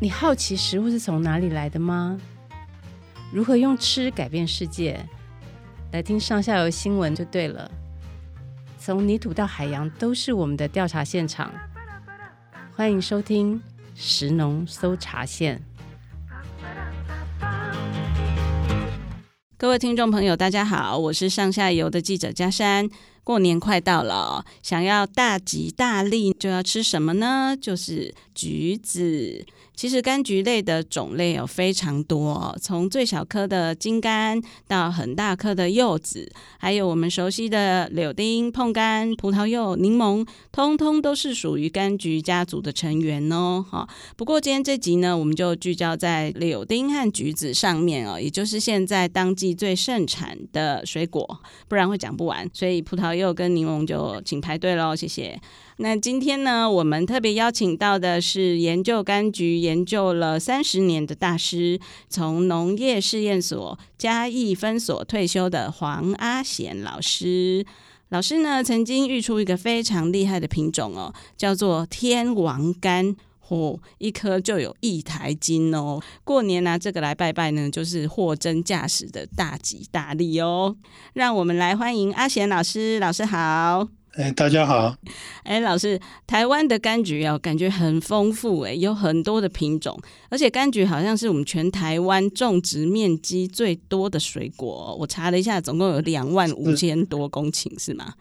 你好奇食物是從哪裡來的嗎？如何用吃改變世界？來聽上下游新聞就對了。從泥土到海洋，都是我們的調查現場。歡迎收聽食農搜查線。各位聽眾朋友，大家好，我是上下游的記者佳珊。過年快到了，想要大吉大利，就要吃什麼呢？就是橘子。其實柑橘類的種類有非常多，從最小顆的金柑到很大顆的柚子，還有我們熟悉的柳丁、椪柑、葡萄柚、檸檬，通通都是屬於柑橘家族的成員哦。不過今天這集呢，我們就聚焦在柳丁和橘子上面哦，也就是現在當季最盛產的水果，不然會講不完。所以葡萄柚跟檸檬就請排隊嘍，謝謝。那今天呢，我們特別邀請到的是研究柑橘研究了三十年的大師，從農業試驗所嘉義分所退休的黃阿賢老師。老師呢，曾經育出一個非常厲害的品種哦，叫做天王柑，嚯、哦，一顆就有一台斤哦。過年拿、啊、這個來拜拜呢，就是貨真價實的大吉大利哦。讓我們來歡迎阿賢老師，老師好。哎，大家好！哎，老師，台灣的柑橘哦、啊，感覺很豐富、欸，誒，有很多的品種，而且柑橘好像是我們全台灣種植面積最多的水果、哦。我查了一下，總共有兩萬五千多公頃，是，是嗎？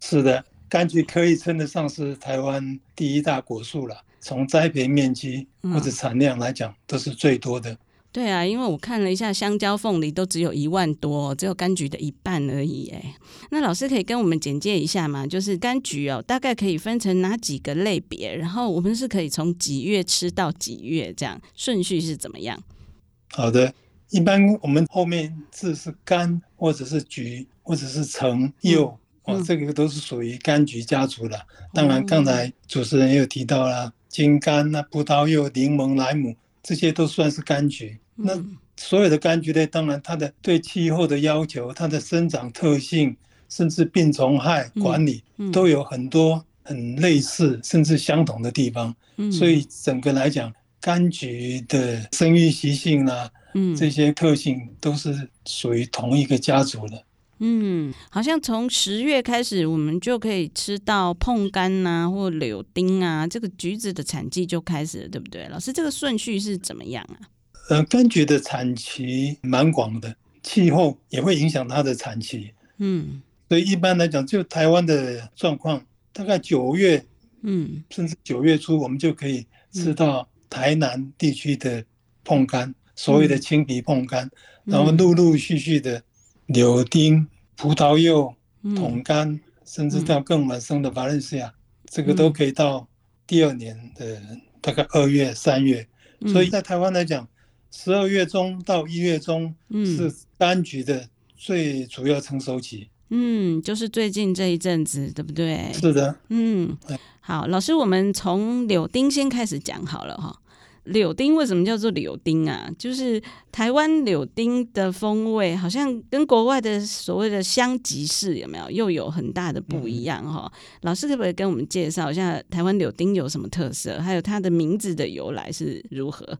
是的，柑橘可以稱得上是台灣第一大果樹了，從栽培面積或者產量來講，都是最多的。嗯。對啊，因為我看了一下，香蕉、鳳梨都只有一萬多，只有柑橘的一半而已。哎，那老師可以跟我們簡介一下嗎？就是柑橘哦，大概可以分成哪幾個類別？然後我們是可以從幾月吃到幾月，這樣順序是怎麼樣？好的，一般我們後面字是柑或者是橘，或者是橙、柚哦，這個都是屬於柑橘家族的。當然，剛才主持人又提到了金柑、葡萄柚、檸檬、萊姆，姆，這些都算是柑橘。那所有的柑橘類，當然它的對氣候的要求、它的生長特性，甚至病蟲害管理，嗯嗯、都有很多很類似甚至相同的地方。嗯、所以整個來講，柑橘的生育習性啊，這些特性都是屬於同一個家族的。嗯，好像從十月開始，我們就可以吃到椪柑吶、啊，或柳丁啊，這個橘子的產季就開始了，對不對？老師，這個順序是怎麼樣啊？呃，柑橘的產期蠻廣的，氣候也會影響它的產期。嗯，所以一般來講，就台灣的狀況，大概九月，嗯，甚至九月初，我們就可以吃到台南地區的椪柑，嗯、所謂的青皮椪柑，嗯、然後陸陸續續的，柳丁、葡萄柚、桶柑，嗯、甚至到更晚生的巴倫西亞，嗯、這個都可以到第二年的大概二月、三月。嗯、所以在台灣來講，十二月中到一月中，嗯，是柑橘的最主要成熟期。嗯，就是最近這一陣子，對不對？是的。嗯，對，好，老師，我們從柳丁先開始講好了哈。柳丁為什麼叫做柳丁啊？就是台灣柳丁的風味，好像跟國外的所謂的香吉士有沒有又有很大的不一樣哈？嗯，老師可不可以跟我們介紹一下台灣柳丁有什麼特色，還有它的名字的由來是如何？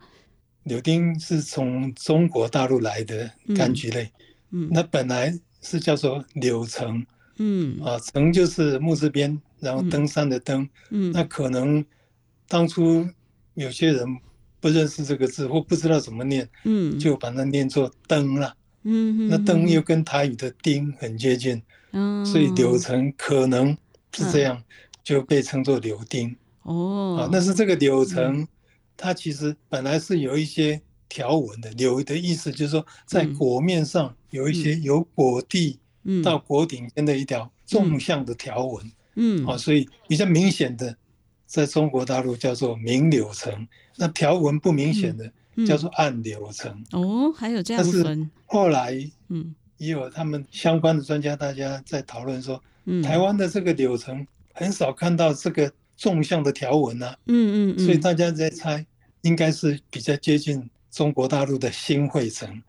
柳丁是從中國大陸來的柑橘類，嗯，那本來是叫做柳橙，嗯，啊，橙就是木字邊，然後登山的登，嗯，那可能當初有些人不認識這個字或不知道怎麼念，就把它念作登了，嗯，那登又跟台語的丁很接近，嗯，所以柳橙可能是這樣就被稱作柳丁，哦，啊，但是這個柳橙。它其實本來是有一些條紋的柳的意思，就是說在果面上有一些由果蒂到果頂尖的一條縱向的條紋，嗯。嗯，嗯啊，所以比較明顯的，在中國大陸叫做明柳橙，那條紋不明顯的叫做暗柳橙，嗯嗯。哦，還有這樣分。但是後來，嗯，也有他們相關的專家，大家在討論說，台灣的這個柳橙很少看到這個縱向的條紋啊。嗯嗯，嗯嗯嗯所以大家在猜。應該是比較接近中國大陸的新會橙，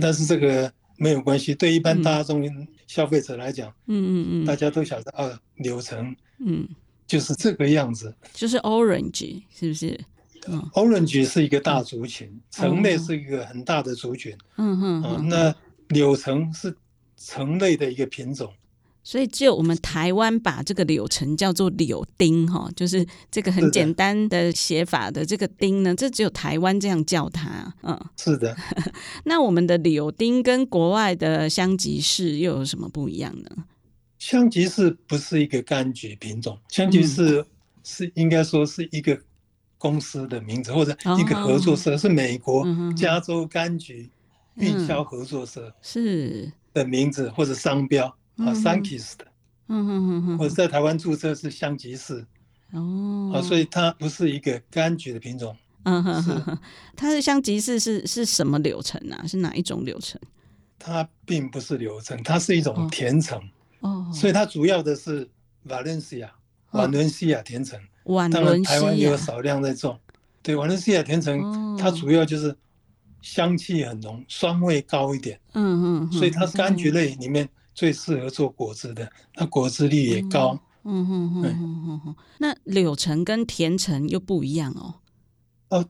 但是這個沒有關係。對一般大眾消費者來講、嗯，嗯嗯嗯，嗯大家都曉得啊，柳橙，嗯，就是這個樣子，就是 Orange 是不是？Orange 是一個大族群，嗯、橙類是一個很大的族群，嗯哼，啊、嗯嗯嗯嗯呃，那柳橙是橙類的一個品種。所以只有我們台灣把這個柳橙叫做柳丁，哈，就是這個很簡單的寫法的這個“丁”呢，的這只有台灣這樣叫它。嗯，是的。 那我們的柳丁跟國外的香吉士又有什麼不一樣呢？香吉士不是一個柑橘品種，香吉士是應該說是一個公司的名字，嗯、或者一個合作社，哦、是美國加州柑橘運銷合作社是的名字、嗯、或者商標。啊，香吉士的，嗯哼哼哼。我在台灣註冊是香吉士，哦，好，所以它不是一個柑橘的品種，嗯哼，哼哼。它的香吉士是是什麼柳橙啊？是哪一種柳橙？它並不是柳橙，它是一種甜橙，哦，所以它主要的是晚崙西亞，晚崙西亞甜橙，當然台灣也有少量在種，對，晚崙西亞甜橙，它主要就是香氣很濃，酸味高一點，嗯嗯，所以它是柑橘類裡面。最適合做果汁的，那果汁率也高。嗯哼哼，對。那柳橙跟甜橙又不一樣哦。哦、呃，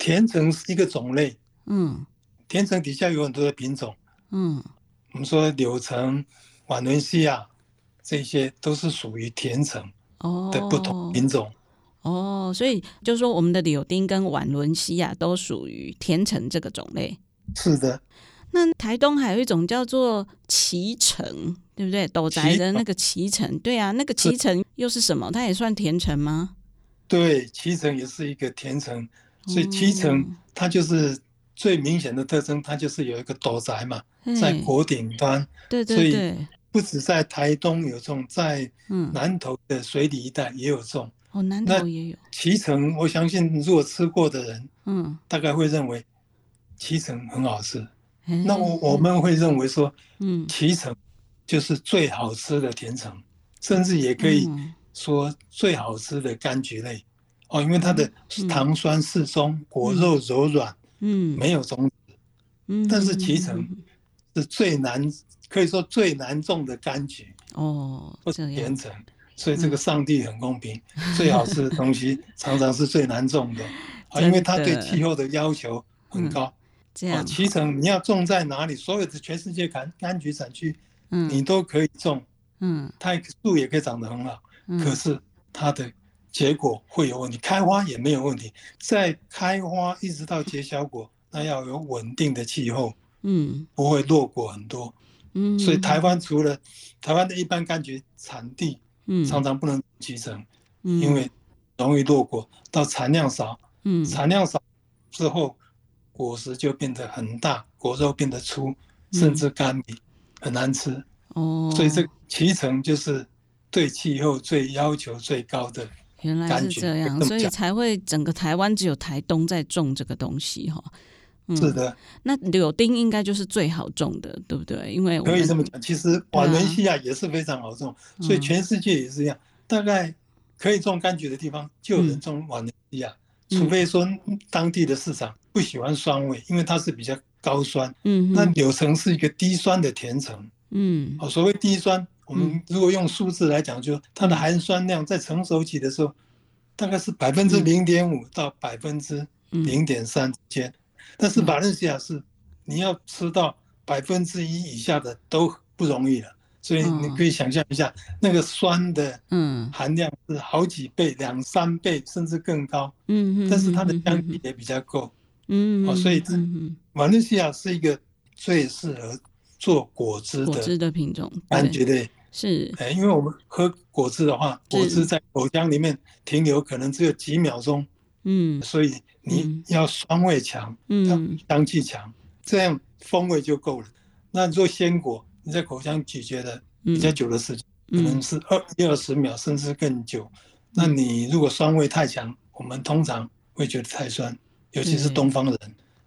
甜橙是一個種類。嗯。甜橙底下有很多的品種。嗯。我們說柳橙、晚崙西亞，這些都是屬於甜橙。哦。的不同品種。哦，哦，所以就是說，我們的柳丁跟晚崙西亞都屬於甜橙這個種類。是的。那台東還有一種叫做臍橙，對不對？斗宅的那個臍橙，騎對啊，那個臍橙又是什麼？是它也算甜橙嗎？對，臍橙也是一個甜橙，所以臍橙它就是最明顯的特徵，它就是有一個斗宅嘛，在果頂端。對對對，不止在台東有種，在南投的水里一帶也有種、嗯、哦，南投也有臍橙。我相信如果吃過的人，嗯，大概會認為臍橙很好吃。那麼我們會認為說，嗯，臍橙就是最好吃的甜橙，甚至也可以說最好吃的柑橘類，哦，因為它的糖酸適中，果肉柔軟，嗯，沒有種子，嗯，但是臍橙是最難可以說最難種的柑橘哦，或者甜橙，所以這個上帝很公平，最好吃的東西常常是最難種的，啊，因為它對氣候的要求很高。啊，臍橙、哦、你要種在哪裡？所有的全世界柑柑橘產區，你都可以種，嗯，它樹也可以長得很好，嗯、可是它的結果會有問題，開花也沒有問題，在開花一直到結小果，那、嗯、要有穩定的氣候，嗯，不會落果很多，嗯，所以台灣除了台灣的一般柑橘產地，嗯，常常不能臍橙，嗯、因為容易落果，到產量少，嗯，產量少之後。果實就變得很大，果肉變得粗，甚至乾癟，嗯、很難吃。哦，所以這臍橙就是對氣候最要求最高的柑橘。原來是這樣，加所以才會整個台灣只有台東在種這個東西哈、哦。嗯、是的，那柳丁應該就是最好種的，對不對？因為我可以這麼講，其實瓦倫西亞也是非常好種，啊、所以全世界也是一樣。嗯、大概可以種柑橘的地方，就有人種瓦倫西亞。嗯除非說當地的市場不喜歡酸味，因為它是比較高酸。嗯，那柳橙是一個低酸的甜橙。嗯，所謂低酸，我們如果用數字來講，就是它的含酸量在成熟期的時候，大概是百分之零點五到百分之零點三之間。但是晚崙西亞是，你要吃到百分之一以下的都不容易了。所以你可以想象一下，哦、那個酸的含量是好幾倍、兩、嗯、三倍，甚至更高。嗯嗯。但是它的香氣也比較夠。嗯哼哼哼。哦，所以晚崙西亞是一個最適合做果汁的果汁的品種，柑橘類是。哎、欸，因為我們喝果汁的話，是果汁在口腔裡面停留可能只有幾秒鐘。嗯。所以你要酸味強，嗯，香氣強，嗯、這樣風味就夠了。那做鮮果。你在口腔咀嚼的比較久的時間，嗯、可能是二二十秒甚至更久。嗯、那你如果酸味太強，我們通常會覺得太酸，尤其是東方人。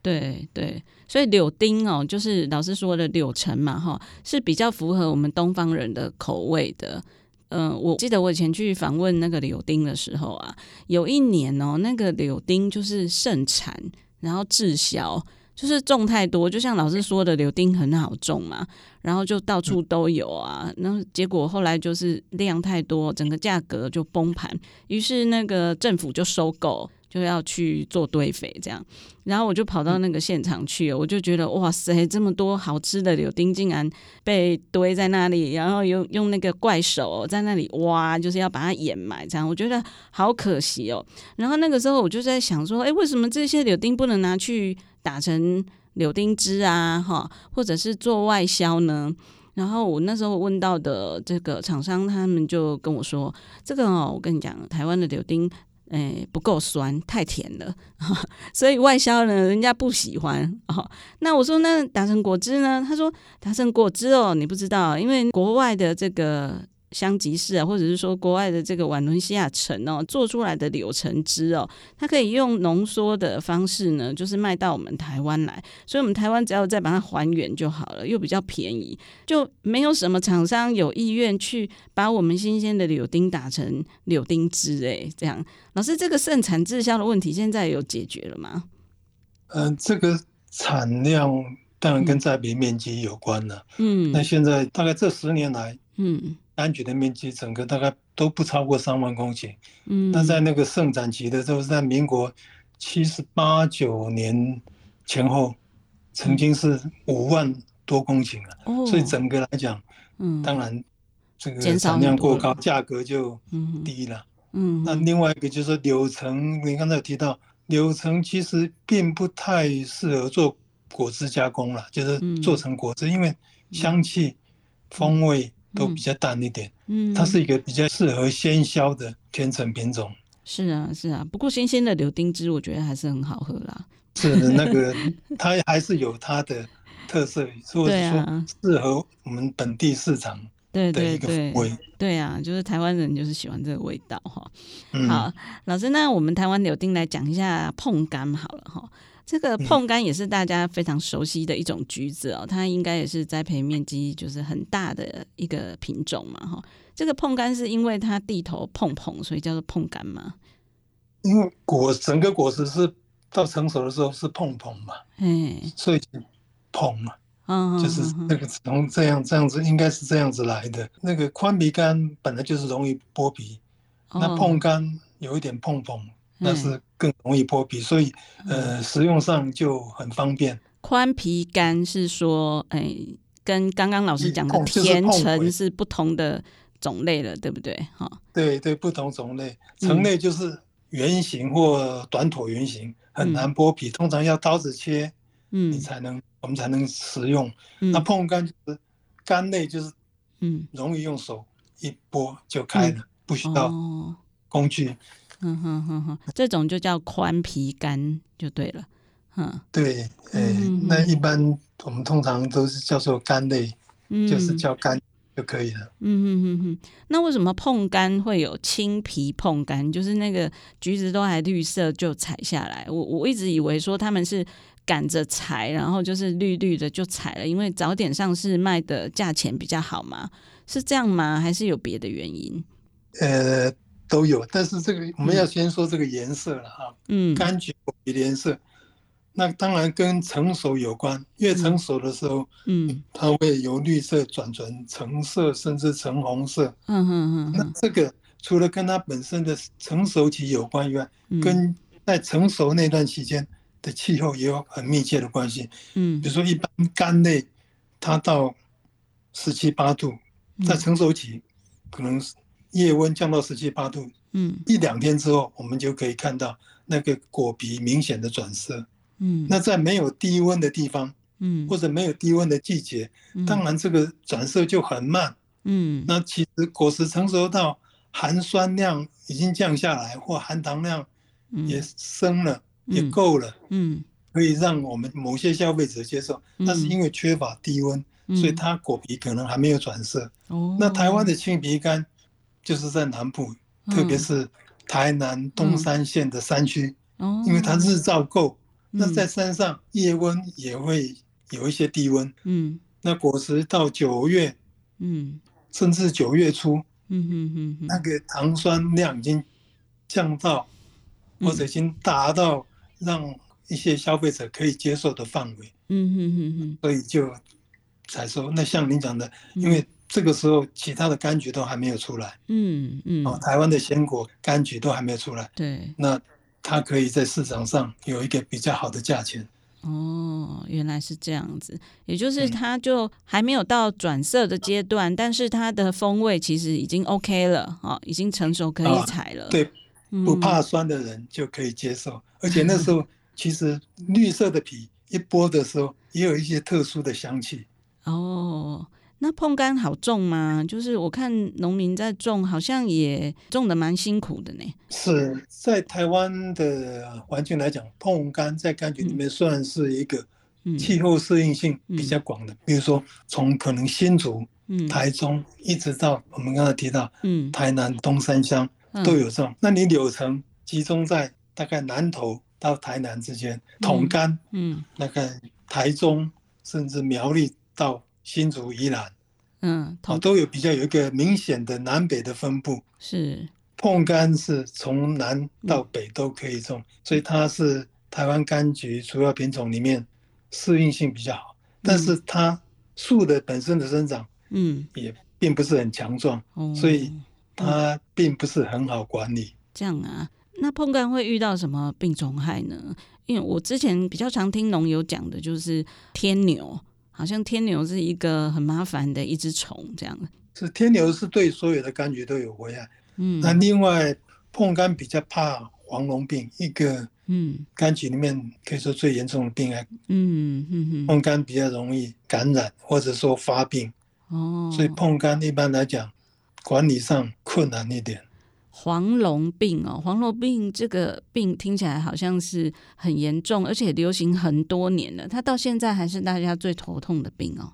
對對，所以柳丁哦，就是老師說的柳橙嘛，哈，是比較符合我們東方人的口味的。嗯、呃，我記得我以前去訪問那個柳丁的時候啊，有一年哦，那個柳丁就是盛產，然後滯銷。就是種太多，就像老師說的，柳丁很好種嘛，然後就到處都有啊，那結果後來就是量太多，整個價格就崩盤，於是那個政府就收購。就要去做堆肥這樣，然後我就跑到那個現場去，嗯、我就覺得哇塞，這麼多好吃的柳丁竟然被堆在那裡，然後用用那個怪手在那裡挖，就是要把它掩埋這樣，我覺得好可惜哦。然後那個時候我就在想說，誒，為什麼這些柳丁不能拿去打成柳丁汁啊？哈，或者是做外銷呢？然後我那時候問到的這個廠商，他們就跟我說，這個哦，我跟你講，台灣的柳丁。哎、欸，不夠酸，太甜了， 所以外銷呢，人家不喜歡啊。 那我說，那打成果汁呢？他說，打成果汁哦，你不知道，因為國外的這個。香吉士啊，或者是說國外的這個晚崙西亞橙哦，做出來的柳橙汁哦，它可以用濃縮的方式呢，就是賣到我們台灣來，所以我們台灣只要再把它還原就好了，又比較便宜，就沒有什麼廠商有意願去把我們新鮮的柳丁打成柳丁汁哎，這樣。老師這個盛產滯銷的問題現在有解決了嗎？嗯、呃，這個產量當然跟栽培面積有關了，嗯，那現在大概這十年來，嗯。柑橘的面積整個大概都不超過三萬公頃，嗯，那在那個盛產期的時候，在民國七十八九年前後，曾經是五萬多公頃了，嗯、所以整個來講，嗯，當然這個產量過高，價格就低了，嗯哼，那另外一個就是柳橙，你剛才有提到柳橙其實並不太適合做果汁加工了，就是做成果汁，嗯、因為香氣、嗯、風味。嗯都比較淡一點，嗯，嗯，它是一個比較適合鮮銷的甜橙品種。是啊，是啊，不過新鮮的柳丁汁，我覺得還是很好喝啦。是的，那個 它還是有它的特色，或者說適合我們本地市場的一個味，對對對。對啊，就是台灣人就是喜歡這個味道哈。好，嗯、老師，那我們台灣柳丁來講一下椪柑好了哈。這個椪柑也是大家非常熟悉的一種橘子哦，嗯、它應該也是栽培面積就是很大的一個品種嘛，哈。這個椪柑是因為它蒂頭碰碰，所以叫做椪柑嘛。因為果整個果實是到成熟的時候是碰碰嘛，嗯嘿，所以碰嘛，哦呵呵，就是那個從這樣這樣子，應該是這樣子來的。那個寬皮柑本來就是容易剝皮，那椪柑有一點碰碰，哦、但是。更容易剝皮，所以呃，食用上就很方便。寬、嗯、皮柑是說，哎、欸，跟剛剛老師講的甜橙是不同的種類了，嗯、對不對？哈、哦，對對，不同種類。橙類就是圓形或短橢圓形，嗯、很難剝皮，通常要刀子切，嗯，你才能，我們才能食用。嗯、那椪柑就是柑類，就是嗯，容易用手、嗯、一剝就開了，嗯、不需要工具。哦嗯哼哼哼，這種就叫寬皮柑就對了，嗯，對，哎、欸，那一般我們通常都是叫做柑類，嗯、就是叫柑就可以了。嗯哼哼哼，那為什麼椪柑會有青皮椪柑？就是那個橘子都還綠色就採下來，我我一直以為說他們是趕着採，然後就是綠綠的就採了，因為早點上市賣的價錢比較好嘛，是這樣嗎？還是有別的原因？呃。都有，但是這個我們要先說這個顏色了哈。嗯，柑橘的顏色，那當然跟成熟有關，越、嗯、成熟的時候，嗯，它會由綠色轉成橙色，甚至橙紅色。嗯嗯嗯。嗯嗯那這個除了跟它本身的成熟期有關以外，跟在成熟那段期間的氣候也有很密切的關係。嗯，比如說一般柑類，它到十七八度，在成熟期，可能是。夜溫降到十七八度，嗯，一兩天之後，我們就可以看到那個果皮明顯的轉色，嗯，那在沒有低溫的地方，嗯，或者沒有低溫的季節，當然這個轉色就很慢，嗯，那其實果實成熟到含酸量已經降下來，或含糖量也升了，也夠了，嗯，可以讓我們某些消費者接受，但是因為缺乏低溫，所以它果皮可能還沒有轉色，哦，那台灣的青皮柑。就是在南部，嗯、特別是台南東山縣的山區，嗯、因為它日照夠，那、嗯、在山上夜溫也會有一些低溫，嗯、那果實到九月，嗯，甚至九月初，嗯嗯嗯，那個糖酸量已經降到、嗯、或者已經達到讓一些消費者可以接受的範圍、嗯，嗯嗯嗯，所以就才收。那像您講的，嗯、因為。這個時候，其他的柑橘都還沒有出來，嗯嗯、哦，台灣的鮮果柑橘都還沒有出來，對，那它可以在市場上有一個比較好的價錢。哦，原來是這樣子，也就是它就還沒有到轉色的階段，嗯、但是它的風味其實已經 OK 了哦，已經成熟可以採了、哦。對，不怕酸的人就可以接受，嗯、而且那時候其實綠色的皮一剝的時候，也有一些特殊的香氣。哦。那椪柑好種嗎？就是我看農民在種，好像也種得蠻辛苦的呢。是在台灣的環境來講，椪柑在柑橘裡面算是一個氣候適應性比較廣的。嗯嗯嗯、比如說，從可能新竹、台中，嗯、一直到我們剛才提到、嗯、台南東山鄉都有種。嗯、那你柳橙集中在大概南投到台南之間，桶柑、嗯，嗯，大概台中甚至苗栗到、新竹宜蘭，嗯，都有比較有，一個明顯的南北的分布。是，椪柑是從南到北都可以種，嗯、所以它是台灣柑橘主要品種裡面適應性比較好。嗯、但是它樹的本身的生長，嗯，也並不是很強壯，嗯、所以它並不是很好管理。嗯、這樣啊，那椪柑會遇到什麼病蟲害呢？因為我之前比較常聽農友講的就是天牛。好像天牛是一個很麻煩的一隻蟲，這樣，是，天牛是對所有的柑橘都有危害。嗯，那另外椪柑比較怕黃龍病，一個，嗯，柑橘裡面可以說最嚴重的病害。嗯嗯，嗯嗯，椪柑比較容易感染或者說發病。哦，所以椪柑一般來講管理上困難一點。黃龍病哦，黃龍病這個病聽起來好像是很嚴重，而且流行很多年了，它到現在還是大家最頭痛的病哦。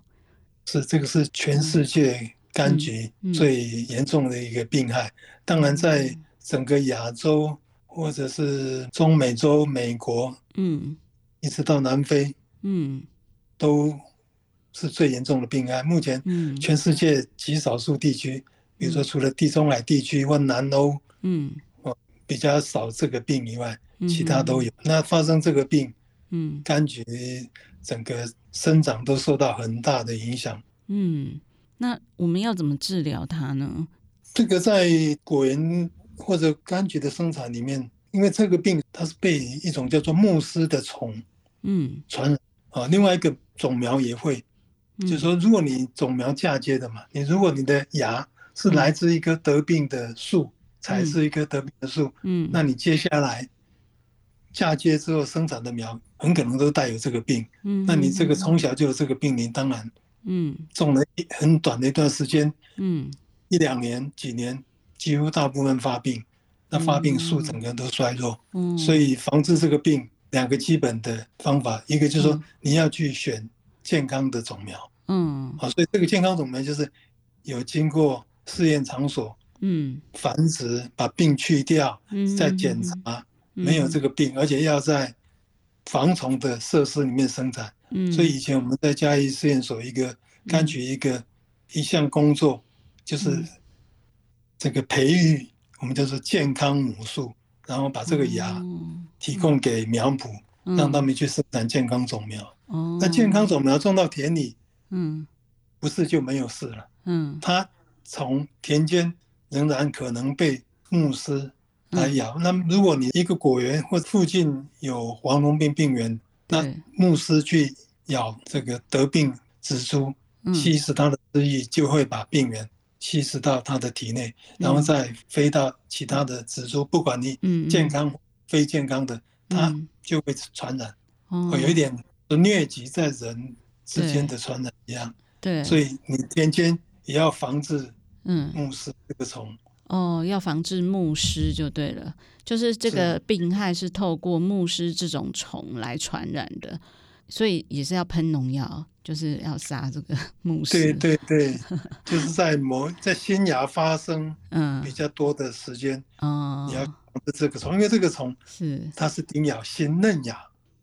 是這個是全世界柑橘最嚴重的一個病害，嗯嗯、當然在整個亞洲或者是中美洲、美國，嗯，一直到南非，嗯，都是最嚴重的病害。目前，全世界極少數地區。比如說，除了地中海地區或南歐，嗯，比較少這個病以外，嗯、其他都有。那發生這個病，嗯，柑橘整個生長都受到很大的影響。嗯，那我們要怎麼治療它呢？這個在果園或者柑橘的生產裡面，因為這個病它是被一種叫做木蝨的蟲，嗯，傳染啊。另外一個種苗也會，嗯、就是說，如果你種苗嫁接的嘛，你如果你的芽。是來自一棵得病的樹，才是一棵得病的樹，嗯，嗯，那你接下來嫁接之後生長的苗，很可能都帶有這個病，嗯，嗯，那你這個從小就有這個病，你當然，嗯，種了一很短的一段時間，嗯，嗯，一兩年、幾年，幾乎大部分發病，嗯、那發病樹整個都衰弱，嗯，嗯，所以防治這個病，兩個基本的方法，一個就是說你要去選健康的種苗，嗯，嗯，好，所以這個健康種苗就是有經過。試驗場所，嗯，繁殖把病去掉，嗯，再檢查沒有這個病，而且要在防蟲的設施裡面生產，嗯，所以以前我們在嘉義試驗所一個柑橘一個、嗯、一項工作就是這個培育，我們叫做健康母樹，嗯、然後把這個芽提供給苗圃，嗯、讓他們去生產健康種苗。哦、嗯，那健康種苗種到田裡，嗯，不是就沒有事了？嗯，它。從田間仍然可能被牧師來咬。嗯、那如果你一個果園或附近有黃龍病病原，嗯，那牧師去咬這個得病植株，嗯，吸食它的汁液，就會把病原吸食到它的體內，嗯，然後再飛到其他的植株，不管你健康、非健康的，它、嗯，就會傳染，會、嗯、有一點瘧疾在人之間的傳染一樣。對、嗯，嗯，所以你田間也要防止。嗯，木蝨這個蟲哦，要防治木蝨就對了。就是這個病害是透過木蝨這種蟲來傳染的，所以也是要噴農藥，就是要殺這個木蝨。對對對， 就是在萌在新芽發生嗯比較多的時間哦。嗯、你要防這個蟲，因為這個蟲是它是叮咬新嫩芽。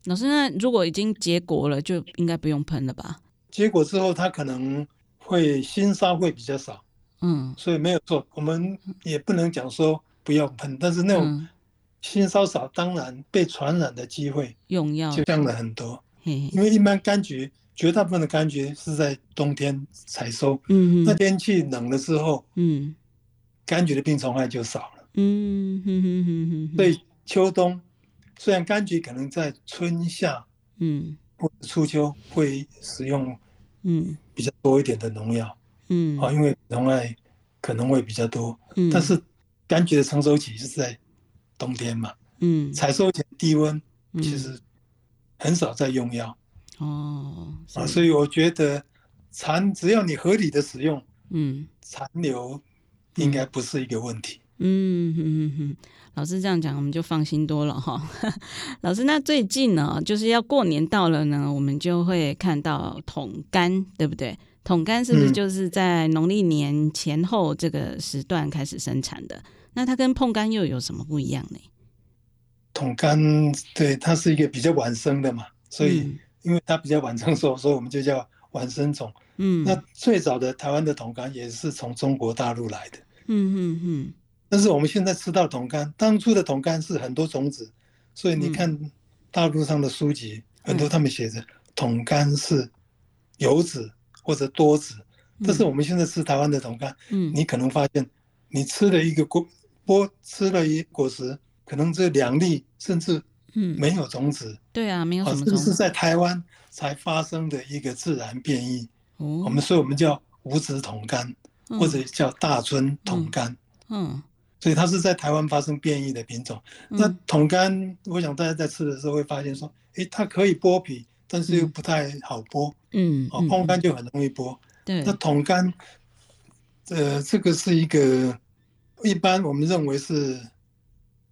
老師，那如果已經結果了，就應該不用噴了吧？結果之後，它可能會新梢會比較少，嗯，所以沒有錯，我們也不能講說不要噴，但是那種新梢少，嗯、當然被傳染的機會用藥就降了很多。嘿嘿因為一般柑橘絕大部分的柑橘是在冬天採收，嗯哼，那天氣冷了之後，嗯，柑橘的病蟲害就少了。嗯哼哼哼哼,哼，所以秋冬雖然柑橘可能在春夏，嗯，或者初秋會使用，嗯，比較多一點的農藥。嗯嗯嗯，好，因為蟲害可能會比較多。嗯，但是柑橘的成熟期是在冬天嘛。嗯，採收前低溫，其實很少在用藥。哦，啊，所以我覺得殘只要你合理的使用，嗯，殘留應該不是一個問題。嗯嗯嗯,嗯,嗯,嗯,嗯,嗯，老師這樣講，我們就放心多了哈。 老師，那最近呢，就是要過年到了呢，我們就會看到桶柑，對不對？桶柑是不是就是在農曆年前後這個時段開始生產的？嗯、那它跟椪柑又有什麼不一樣呢？桶柑對，它是一個比較晚生的嘛，所以因為它比較晚成熟，嗯、所以我們就叫晚生種。嗯，那最早的台灣的桶柑也是從中國大陸來的。嗯嗯嗯。但是我們現在吃到桶柑，當初的桶柑是很多種子，所以你看大陸上的書籍、嗯、很多上面寫着桶柑是有籽，或者多子，但是我們現在吃台灣的桶柑，嗯、你可能發現，你吃了一個果，剝、嗯、吃了一個果實，可能只有兩粒，甚至嗯沒有種子、嗯。對啊，沒有種子。這是、啊、在台灣才發生的一個自然變異。我們、哦、所以我們叫無籽桶柑，嗯、或者叫大尊桶柑、嗯。嗯，嗯所以它是在台灣發生變異的品種。嗯、那桶柑，我想大家在吃的時候會發現說，誒，它可以剝皮，但是又不太好剝。嗯，嗯，嗯，椪柑就很容易剝，對。那桶柑，呃，這個是一個，一般我們認為是，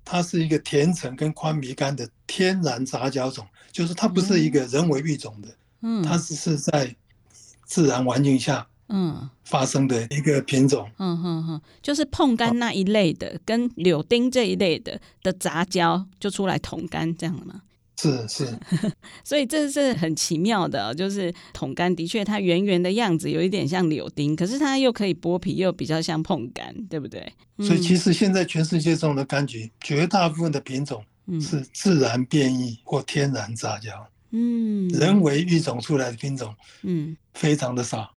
它是一個甜橙跟寬皮柑的天然雜交種，就是它不是一個人為育種的，嗯，它只是在自然環境下，嗯，發生的一個品種，嗯哼哼、嗯嗯嗯嗯嗯嗯，就是椪柑那一類的，嗯、跟柳丁這一類的的雜交就出來桶柑這樣嘛是是，是 所以這是很奇妙的哦，就是桶柑的確它圓圓的樣子有一點像柳丁，可是它又可以剝皮，又比較像椪柑，對不對？所以其實現在全世界種的柑橘，絕大部分的品種是自然變異或天然雜交，嗯，人為育種出來的品種，嗯，非常的少。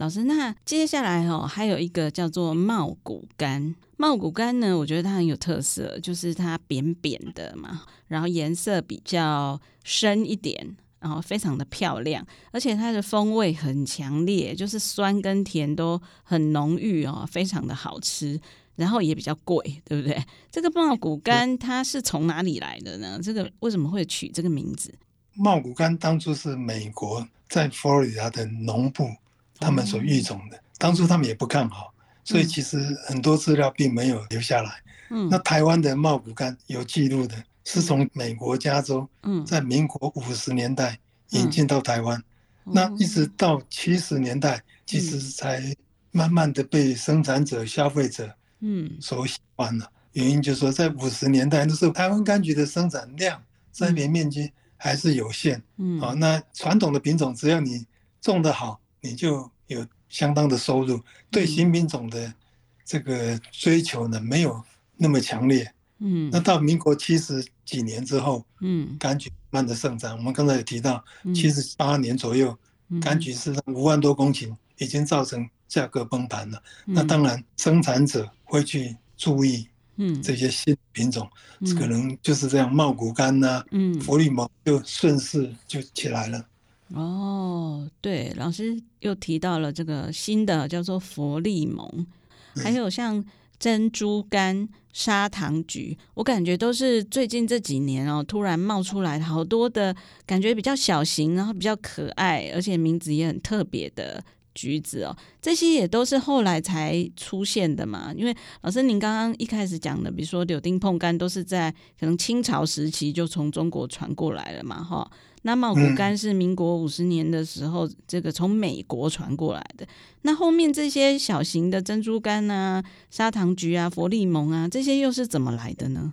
老師，那接下來哦，還有一個叫做茂谷柑。茂谷柑呢，我覺得它很有特色，就是它扁扁的嘛，然後顏色比較深一點，然後，哦，非常的漂亮，而且它的風味很強烈，就是酸跟甜都很濃郁哦，非常的好吃，然後也比較貴，對不對？這個茂谷柑它是從哪裡來的呢？是這個為什麼會取這個名字？茂谷柑當初是美國在佛羅里達的農部。他們所育種的，當初他們也不看好，所以其實很多資料並沒有留下來。嗯，那台灣的茂谷柑有記錄的，嗯、是從美國加州嗯，嗯，在民國五十年代引進到台灣，那一直到七十年代，其實才慢慢的被生產者、消費者，嗯，所喜歡了、啊。原因就是說，在五十年代那時候，台灣柑橘的生產量、栽培面積還是有限。嗯，好、啊，那傳統的品種，只要你種得好，你就有相當的收入，對新品種的這個追求呢，嗯、沒有那麼強烈。嗯。那到民國七十幾年之後，嗯，柑橘慢慢的上漲，我們剛才也提到，七十八年左右，柑橘、嗯、是五萬多公頃，已經造成價格崩盤了。嗯、那當然，生產者會去注意，嗯，這些新品種，嗯、可能就是這樣茂谷柑吶、啊，嗯，佛利蒙就順勢就起來了。哦，對，老師又提到了這個新的叫做佛利蒙，還有像珍珠柑、砂糖橘，我感覺都是最近這幾年哦，突然冒出來好多的感覺比較小型，然後比較可愛，而且名字也很特別的。橘子哦，這些也都是後來才出現的嘛。因為老師您剛剛一開始講的，比如說柳丁、椪柑都是在可能清朝時期就從中國傳過來了嘛，哈。那茂谷柑是民國五十年的時候，嗯，這個從美國傳過來的。那後面這些小型的珍珠柑啊、砂糖橘啊、佛利蒙啊，這些又是怎麼來的呢？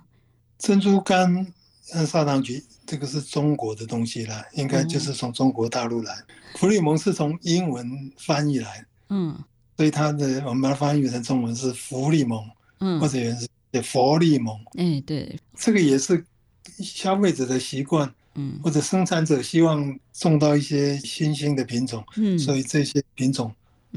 珍珠柑。那砂糖橘，這個是中國的東西啦，應該就是從中國大陸來。嗯、福利蒙是從英文翻譯來的，嗯，所以它的我們把它翻譯成中文是福利“福利蒙”，嗯，或者原是“佛利蒙”。嗯、欸，對，這個也是消費者的習慣，嗯，或者生產者希望種到一些新興的品種，嗯，所以這些品種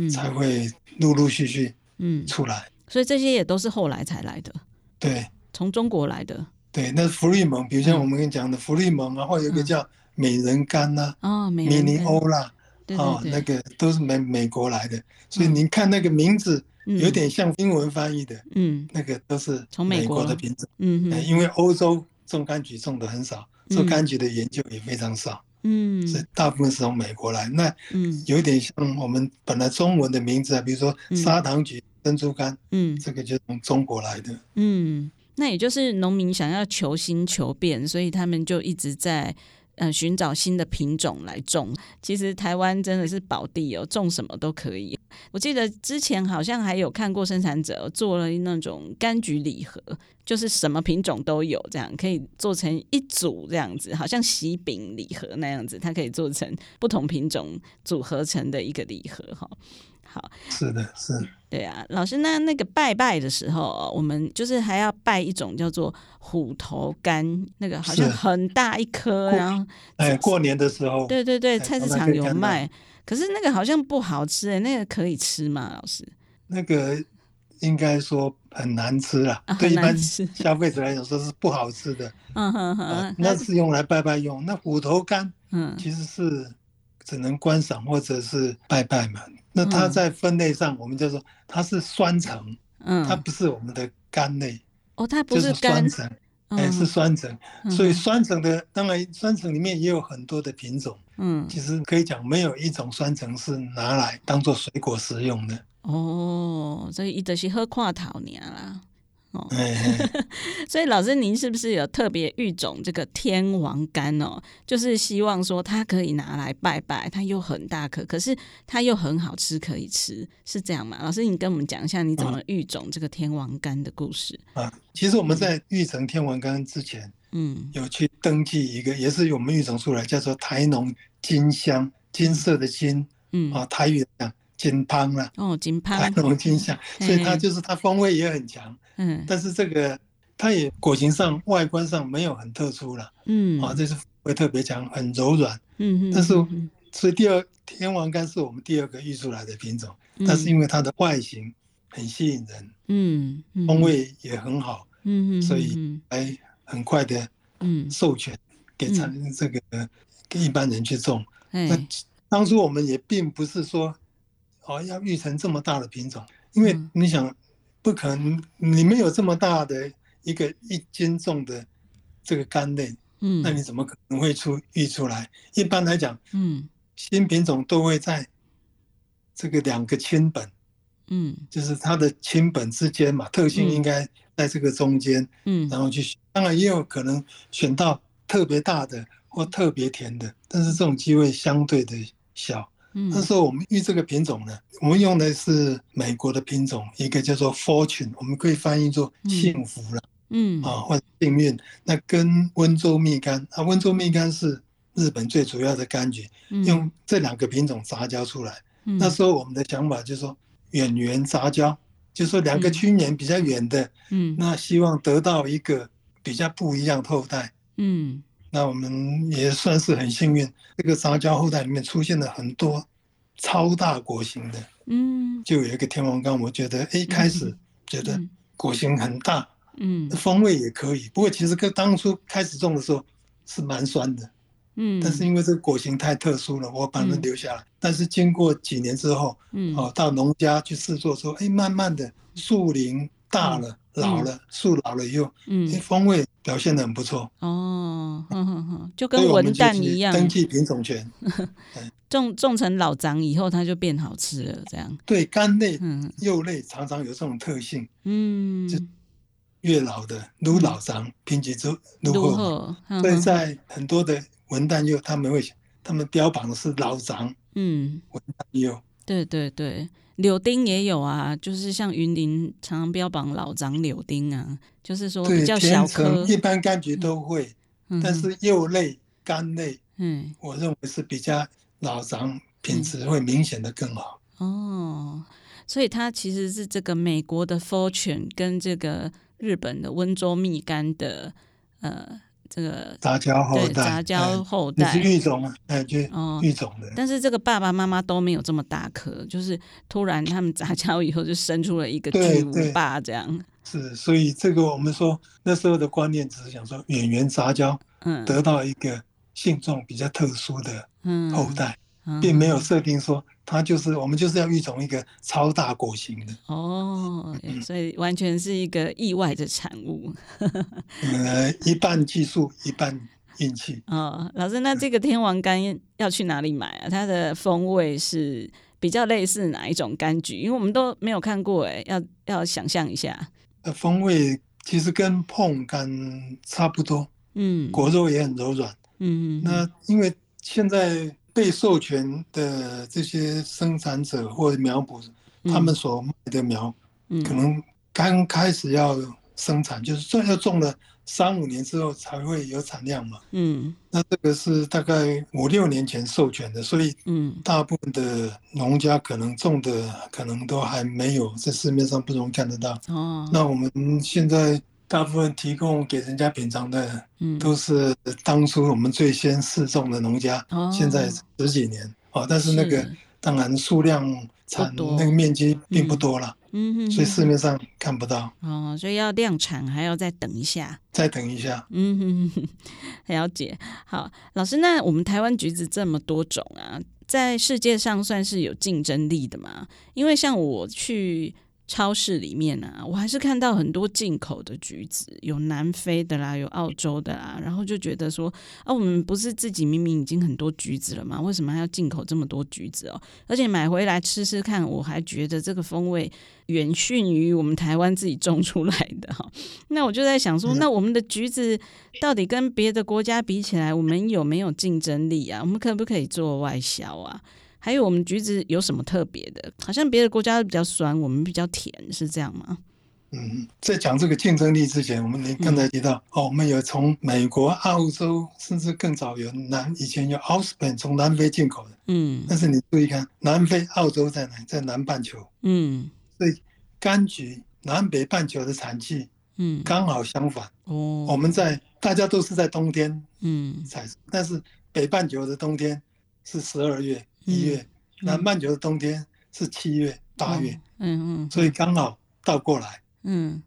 才會陸陸續續嗯出來嗯嗯，所以這些也都是後來才來的，對，從中國來的。對，那福利蒙，比如像我們跟你講的福利蒙然後，有一個叫美人柑，吶，啊，美人柑，美尼歐啦，啊，那個都是美美國來的，所以你看那個名字有點像英文翻譯的，嗯，那個都是從美國的品種，嗯，因為歐洲種柑橘種的很少，做柑橘的研究也非常少，嗯，所以大部分是從美國來，那有點像我們本來中文的名字，比如說砂糖橘、珍珠柑，嗯，這個就從中國來的，嗯。那也就是農民想要求新求變，所以他們就一直在嗯、呃、尋找新的品種來種。其實台灣真的是寶地哦，種什麼都可以。我記得之前好像還有看過生產者做了那種柑橘禮盒，就是什麼品種都有，這樣可以做成一組這樣子，好像喜餅禮盒那樣子，它可以做成不同品種組合成的一個禮盒哈。好，是的，是。對啊，老師，那那個拜拜的時候，我們就是還要拜一種叫做虎頭柑，那個好像很大一顆，然後哎，過年的時候，對對對，菜市場有賣。可是那個好像不好吃哎，那個可以吃嗎，老師？那個應該說很難吃啊，對一般消費者來說是不好吃的。嗯哼哼，那是用來拜拜用。那虎頭柑，嗯，其實是只能觀賞或者是拜拜嘛。那它在分類上，我們就說它是酸橙，嗯，嗯，嗯哦、它不是我們的柑類，哦，它不是柑橙，哎，是酸橙。所以酸橙的，當然酸橙裡面也有很多的品種，嗯，其實可以講，沒有一種酸橙是拿來當做水果食用的。哦，所以一直是喝罐頭而已啦。哦，嘿嘿 所以老師，您是不是有特別育種這個天王柑哦？就是希望說它可以拿來拜拜，它又很大顆，可是它又很好吃，可以吃，是這樣嗎？老師，你跟我們講一下你怎麼育種這個天王柑的故事啊。其實我們在育成天王柑之前，嗯，有去登記一個，也是我們育種出來，叫做台農金香，金色的金，嗯，啊，台語金湯啦，哦，金湯，龍金香，所以它就是它風味也很強，嗯，但是這個它也果形上外觀上沒有很特殊了，嗯，啊，這是風味特別強，很柔軟，嗯嗯，但是所以第二天王柑是我們第二個育出來的品種，但是因為它的外形很吸引人，嗯，風味也很好，嗯嗯，所以才很快的嗯授權給成這個一般人去種，那當初我們也並不是說。哦，要育成這麼大的品種，因為你想，嗯，不可能，你沒有這麼大的一個一斤重的這個柑類，嗯，那你怎麼可能會出育出來？一般來講，嗯，新品種都會在，這個兩個親本，嗯，就是它的親本之間嘛，特性應該在這個中間，嗯，然後去選，當然也有可能選到特別大的或特別甜的，但是這種機會相對的小。嗯、那時候我們育這個品種呢，我們用的是美國的品種，一個叫做 Fortune，我們可以翻譯做幸福了，嗯，啊，或者是幸運。那跟溫州蜜柑，啊，溫州蜜柑是日本最主要的柑橘，用這兩個品種雜交出來。嗯、那時候我們的想法就是說遠緣雜交，嗯、就是說兩個親緣比較遠的，嗯，那希望得到一個比較不一樣的後代，嗯。那我們也算是很幸運，這個雜交後代裡面出現了很多超大果型的，嗯，就有一個天王柑，我覺得哎，一開始覺得果型很大，嗯，嗯，風味也可以，不過其實跟當初開始種的時候是蠻酸的，嗯，但是因為這個果型太特殊了，我把它留下來。嗯，但是經過幾年之後，嗯，哦，到農家去試做時候，哎，慢慢的樹齡大了。嗯老了，樹老了以後，嗯，風味表現得很不錯哦，嗯嗯，就跟文旦一樣，登記品種權，種種成老欉以後，它就變好吃了，這樣對柑類、柚類常常有這種特性，嗯，越老的如老欉，品質如果所以在很多的文旦柚，他們會他們標榜的是老欉，嗯，文旦柚，對對對。柳丁也有啊，就是像雲林常常標榜老欉柳丁啊，就是說比較小顆，一般柑橘都會，嗯、哼但是柚類、柑類，嗯哼，我認為是比較老欉品質會明顯的更好、嗯。哦，所以它其實是這個美國的 Fortune 跟這個日本的溫州蜜柑的，呃。這個雜交後代，對雜交後代，你、嗯、是育種啊？覺、嗯，哦、嗯，就是、育種的、哦。但是這個爸爸媽媽都沒有這麼大顆，就是突然他們雜交以後就生出了一個巨無霸這樣。是，所以這個我們說那時候的觀念只是想說遠緣雜交，嗯，得到一個性狀比較特殊的後代。嗯嗯並沒有設定說、uh huh. 它就是我們就是要育種一個超大果型的哦，oh, okay, 嗯、所以完全是一個意外的產物。呃、 嗯，一半技術，一半運氣。哦、oh, 老師，那這個天王柑要去哪裡買啊？嗯、它的風味是比較類似哪一種柑橘？因為我們都沒有看過、欸，哎，要要想象一下。呃，風味其實跟椪柑差不多，嗯，果肉也很柔軟，嗯哼哼，那因為現在。被授權的這些生產者或苗圃，他們所賣的苗、嗯，嗯、可能剛開始要生產，就是說要種了三五年之後才會有產量嘛。嗯，那這個是大概五六年前授權的，所以嗯，大部分的農家可能種的可能都還沒有在市面上不容易看得到。哦、啊，那我們現在。大部分提供給人家品嘗的，嗯，都是當初我們最先試種的農家，哦、現在十幾年哦，但是那個是當然數量產多，那個面積並不多了，嗯哼，所以市面上看不到、嗯、哦，所以要量產還要再等一下，再等一下，嗯哼呵呵，了解。好，老師，那我們台灣橘子這麼多種啊，在世界上算是有競爭力的嘛？因為像我去。超市裡面呢、啊，我還是看到很多進口的橘子，有南非的啦，有澳洲的啦，然後就覺得說，啊，我們不是自己明明已經很多橘子了嗎？為什麼還要進口這麼多橘子哦？而且買回來吃吃看，我還覺得這個風味遠遜於我們台灣自己種出來的哈、哦。那我就在想說，那我們的橘子到底跟別的國家比起來，我們有沒有競爭力啊？我們可不可以做外銷啊？還有我們橘子有什麼特別的？好像別的國家都比較酸，我們比較甜，是這樣嗎？嗯，在講這個競爭力之前，我們剛才提到、嗯、哦，我們有從美國、澳洲，甚至更早有南以前有奧斯本從南非進口的。嗯，但是你注意看，南非、澳洲在哪？在南半球。嗯，所以柑橘南北半球的產季，嗯，剛好相反。哦，我們在大家都是在冬天，嗯，採，但是北半球的冬天是十二月。一月，嗯嗯、南半球的冬天是七月、八月，嗯、哦、嗯，嗯，所以剛好倒過來，嗯，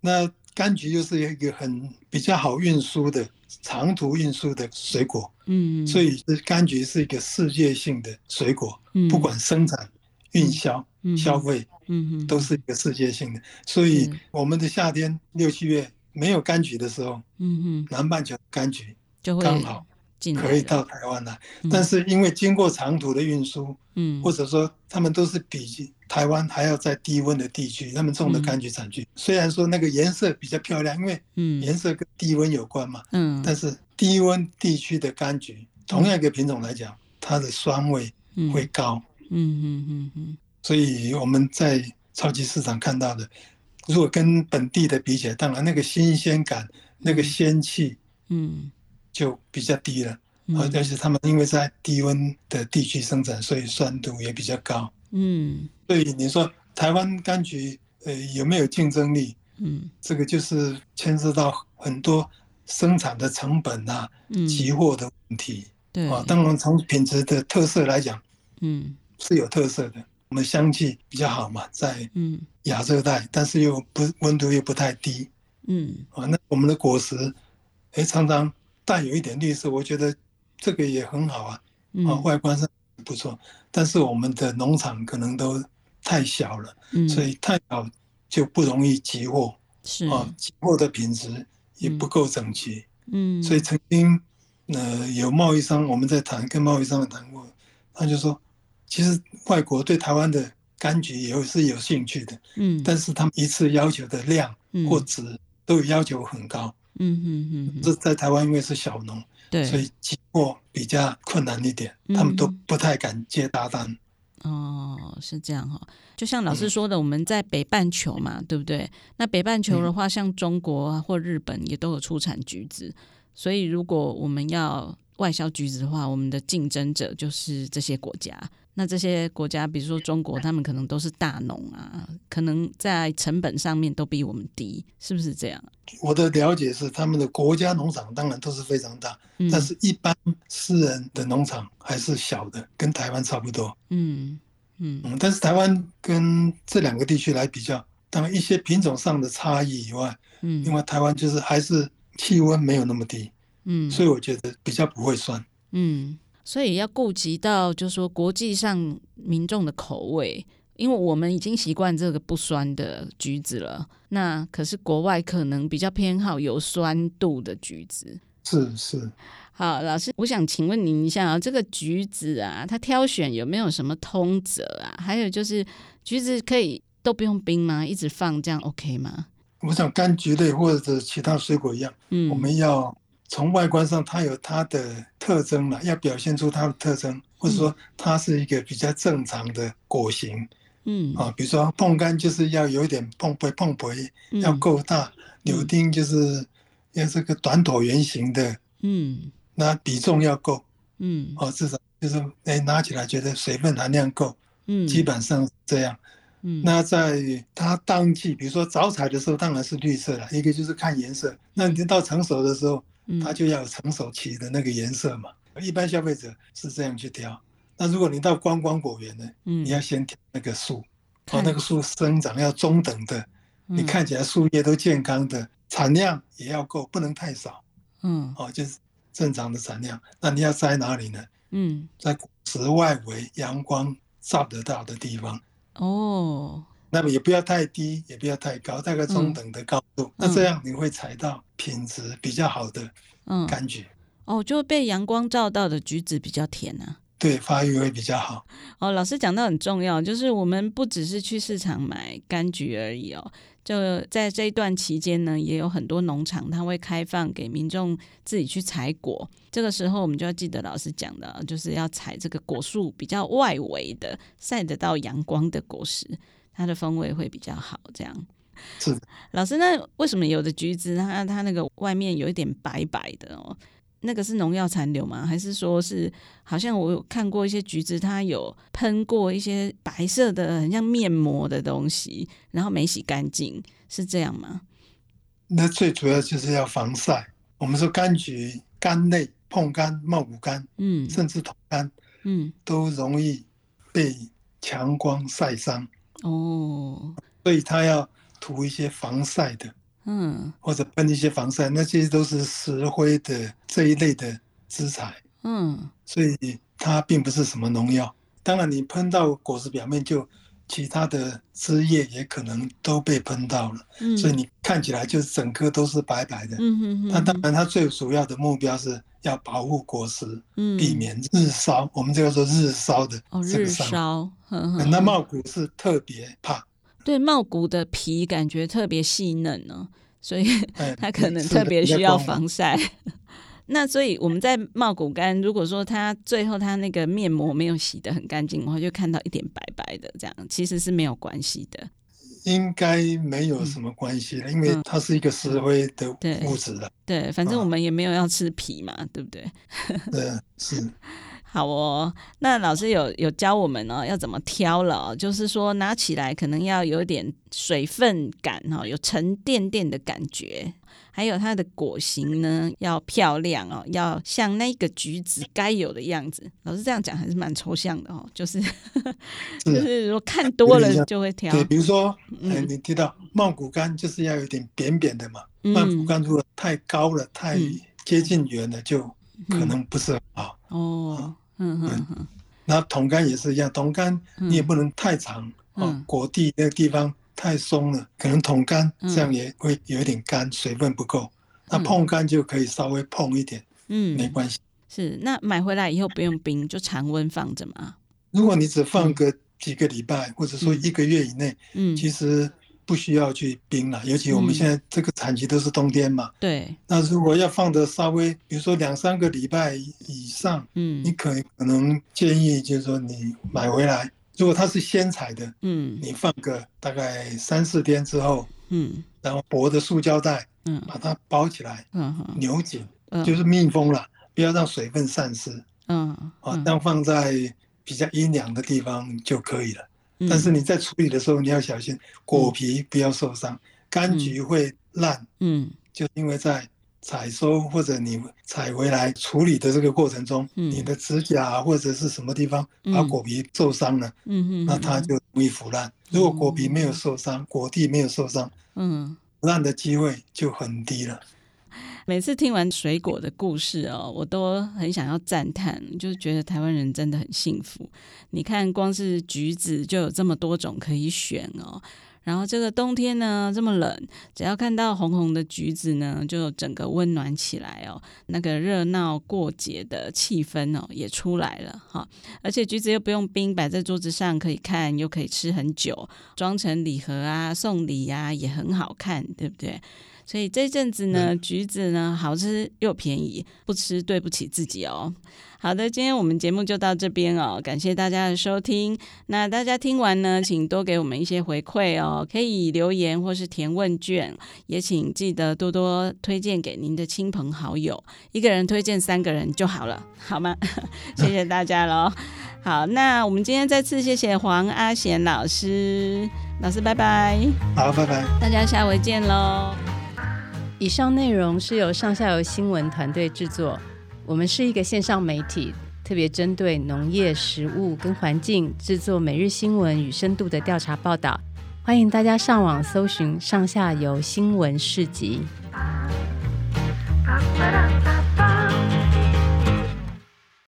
那柑橘就是一個很比較好運輸的長途運輸的水果，嗯嗯，所以柑橘是一個世界性的水果，嗯，不管生產、運銷、消費，嗯嗯，都是一個世界性的，嗯、所以我們的夏天六七月沒有柑橘的時候，嗯嗯，嗯，南半球柑橘就會剛好。可以到台灣來，嗯、但是因為經過長途的運輸，嗯，或者說他們都是比台灣還要在低溫的地區，他們種的柑橘產區，嗯、雖然說那個顏色比較漂亮，因為顏色跟低溫有關嘛，嗯，但是低溫地區的柑橘，嗯、同樣一個品種來講，嗯、它的酸味會高，嗯嗯嗯，所以我們在超級市場看到的，如果跟本地的比起來，當然那個新鮮感、那個鮮氣，嗯。嗯就比較低了，而、啊、且他們因為在低溫的地區生產，所以酸度也比較高。嗯，所以你說台灣柑橘呃有沒有競爭力？嗯，這個就是牽涉到很多生產的成本啊，集貨的問題。嗯、啊，當然從品質的特色來講，嗯，是有特色的。我們香氣比較好嘛，在亞熱帶，但是又不溫度又不太低。嗯啊，那我們的果實，欸、常常。帶有一點綠色，我覺得這個也很好啊，啊，外觀上不錯。嗯、但是我們的農場可能都太小了，嗯、所以太小就不容易集貨，是啊，集貨的品質也不夠整齊，嗯。所以曾經呃有貿易商我們在談，跟貿易商談過，他就說，其實外國對台灣的柑橘也是有興趣的，嗯，但是他們一次要求的量或質都要求很高。嗯嗯嗯哼哼、哼，這在台灣因為是小農，對，所以經過比較困難一點，嗯、哼他們都不太敢接大單。哦，是這樣哈，哦，就像老師說的，嗯、我們在北半球嘛，對不對？那北半球的話，像中國啊或日本也都有出產橘子，嗯、所以如果我們要外銷橘子的話，我們的競爭者就是這些國家。那這些國家，比如說中國，他們可能都是大農啊，可能在成本上面都比我們低，是不是這樣？我的了解是，他們的國家農場當然都是非常大，嗯，但是一般私人的農場還是小的，跟台灣差不多。嗯嗯，嗯，但是台灣跟這兩個地區來比較，當然一些品種上的差異以外，嗯，因為台灣就是還是氣溫沒有那麼低，嗯，所以我覺得比較不會酸，嗯。所以要顧及到，就是說國際上民眾的口味，因為我們已經習慣這個不酸的橘子了，那可是國外可能比較偏好有酸度的橘子。是是，是好，老師，我想請問您一下啊，這個橘子啊，它挑選有沒有什麼通則啊？還有就是，橘子可以都不用冰嗎？一直放這樣 OK 嗎？我想柑橘類或者其他水果一樣，嗯，我們要。從外觀上，它有它的特徵了，要表現出它的特徵，或者說它是一個比較正常的果形，嗯，啊，比如說椪柑就是要有一點椪皮椪皮，要夠大，柳、嗯嗯、丁就是要這個短橢圓形的，嗯，那比重要夠，嗯，啊，至少就是哎拿起來覺得水分含量夠，嗯，基本上是這樣，嗯，那在它當季，比如說早採的時候當然是綠色了，一個就是看顏色，那你到成熟的時候。它就要有成熟期的那個顏色嘛，一般消費者是這樣去挑。那如果你到觀光果園呢，嗯，你要先挑那個樹，看那個樹生長要中等的，嗯，你看起來樹葉都健康的，產量也要夠，不能太少，嗯，哦，就是正常的產量。那你要栽哪裡呢？嗯，在果實外圍，陽光照得到的地方。哦。也不要太低，也不要太高，大概中等的高度。嗯、那這樣你會採到品質比較好的柑橘。嗯、哦。就被陽光照到的橘子比較甜啊，對，發育會比較好。哦，老師講到很重要，就是我們不只是去市場買柑橘而已哦。就在這一段期間呢，也有很多農場他會開放給民眾自己去採果。這個時候我們就要記得老師講的，就是要採這個果樹比較外圍的、曬得到陽光的果實。它的風味會比較好，這樣。是老師，那為什麼有的橘子它它那個外面有一點白白的哦？那個是農藥殘留嗎？還是說是好像我有看過一些橘子，它有噴過一些白色的，很像面膜的東西，然後沒洗乾淨，是這樣嗎？那最主要就是要防曬。我們說柑橘、柑類、椪柑、茂谷柑，嗯，甚至桶柑，嗯，都容易被強光曬傷。哦，oh, 所以他要塗一些防曬的，嗯，或者噴一些防曬，那些都是石灰的這一類的資材，嗯，所以它並不是什麼農藥。當然，你噴到果實表面，就其他的枝葉也可能都被噴到了，嗯，所以你看起來就是整個都是白白的，嗯嗯嗯。它當然，它最主要的目標是。要保護果實，避免日燒。嗯、我們這個說日燒的，哦，日燒、嗯呵嗯。那茂谷是特別怕。對，茂谷的皮感覺特別細嫩哦，所以他可能特別需要防曬。嗯、 那所以我們在茂谷柑，如果說他最後他那個面膜沒有洗的很乾淨的話，就看到一點白白的，這樣其實是沒有關係的。應該沒有什麼關係，嗯、因為它是一個石灰的物質了，啊嗯。對，反正我們也沒有要吃皮嘛。啊、對不對？對，是。好哦，那老師有有教我們哦，要怎麼挑了？就是說拿起來可能要有點水分感，有沉甸甸的感覺。還有它的果形呢，要漂亮哦，要像那個橘子該有的樣子。老師這樣講還是蠻抽象的哦，就是，就是如果看多了就會挑。對，比如說，你提到茂谷柑就是要有點扁扁的嘛，茂谷柑如果太高了、太接近圓了，就可能不是好。哦，嗯嗯，那桶柑也是一樣，桶柑你也不能太長哦，果蒂那個地方。太鬆了，可能桶柑，嗯、這樣也會有一點乾，水分不夠。嗯、那椪柑就可以稍微碰一點，嗯，沒關係。是，那買回來以後不用冰，就常溫放着嘛。如果你只放個幾個禮拜，嗯、或者說一個月以內，嗯，其實不需要去冰了。嗯、尤其我們現在這個產期都是冬天嘛，對、嗯。那如果要放的稍微，比如說兩三個禮拜以上，嗯，你可可能建議就是說你買回來。如果它是鮮採的，嗯，你放個大概三四天之後，嗯，然後薄的塑膠袋，嗯，把它包起來，嗯，扭緊，就是密封了，不要讓水分散失，嗯，啊，當放在比較陰涼的地方就可以了。但是你在處理的時候，你要小心果皮不要受傷，柑橘會爛，嗯，就因為在。採收或者你採回來處理的這個過程中，嗯、你的指甲或者是什麼地方把果皮受傷了，嗯哼那它就容易腐爛。如果果皮沒有受傷，嗯、哼果蒂沒有受傷，嗯，腐爛的機會就很低了、嗯。每次聽完水果的故事哦，我都很想要讚嘆，就是覺得台灣人真的很幸福。你看，光是橘子就有這麼多種可以選哦。然後這個冬天呢，這麼冷，只要看到紅紅的橘子呢，就整個溫暖起來哦。那個熱鬧過節的氣氛哦，也出來了哈。而且橘子又不用冰，擺在桌子上可以看，又可以吃很久，裝成禮盒啊，送禮呀、啊、也很好看，對不對？所以這陣子呢，嗯、橘子呢好吃又便宜，不吃對不起自己哦。好的，今天我們節目就到這邊哦，感謝大家的收聽。那大家聽完呢，請多給我們一些回饋哦，可以留言或是填問卷，也請記得多多推薦給您的親朋好友，一個人推薦三個人就好了，好嗎？ 謝謝大家嘍。好，那我們今天再次謝謝黃阿賢老師，老師拜拜。好，拜拜。大家下回見嘍。以上內容是由上下游新聞團隊制作。我們是一個線上媒體，特別針對農業、食物跟環境製作每日新聞與深度的調查報道。歡迎大家上網搜尋上下游新聞市集。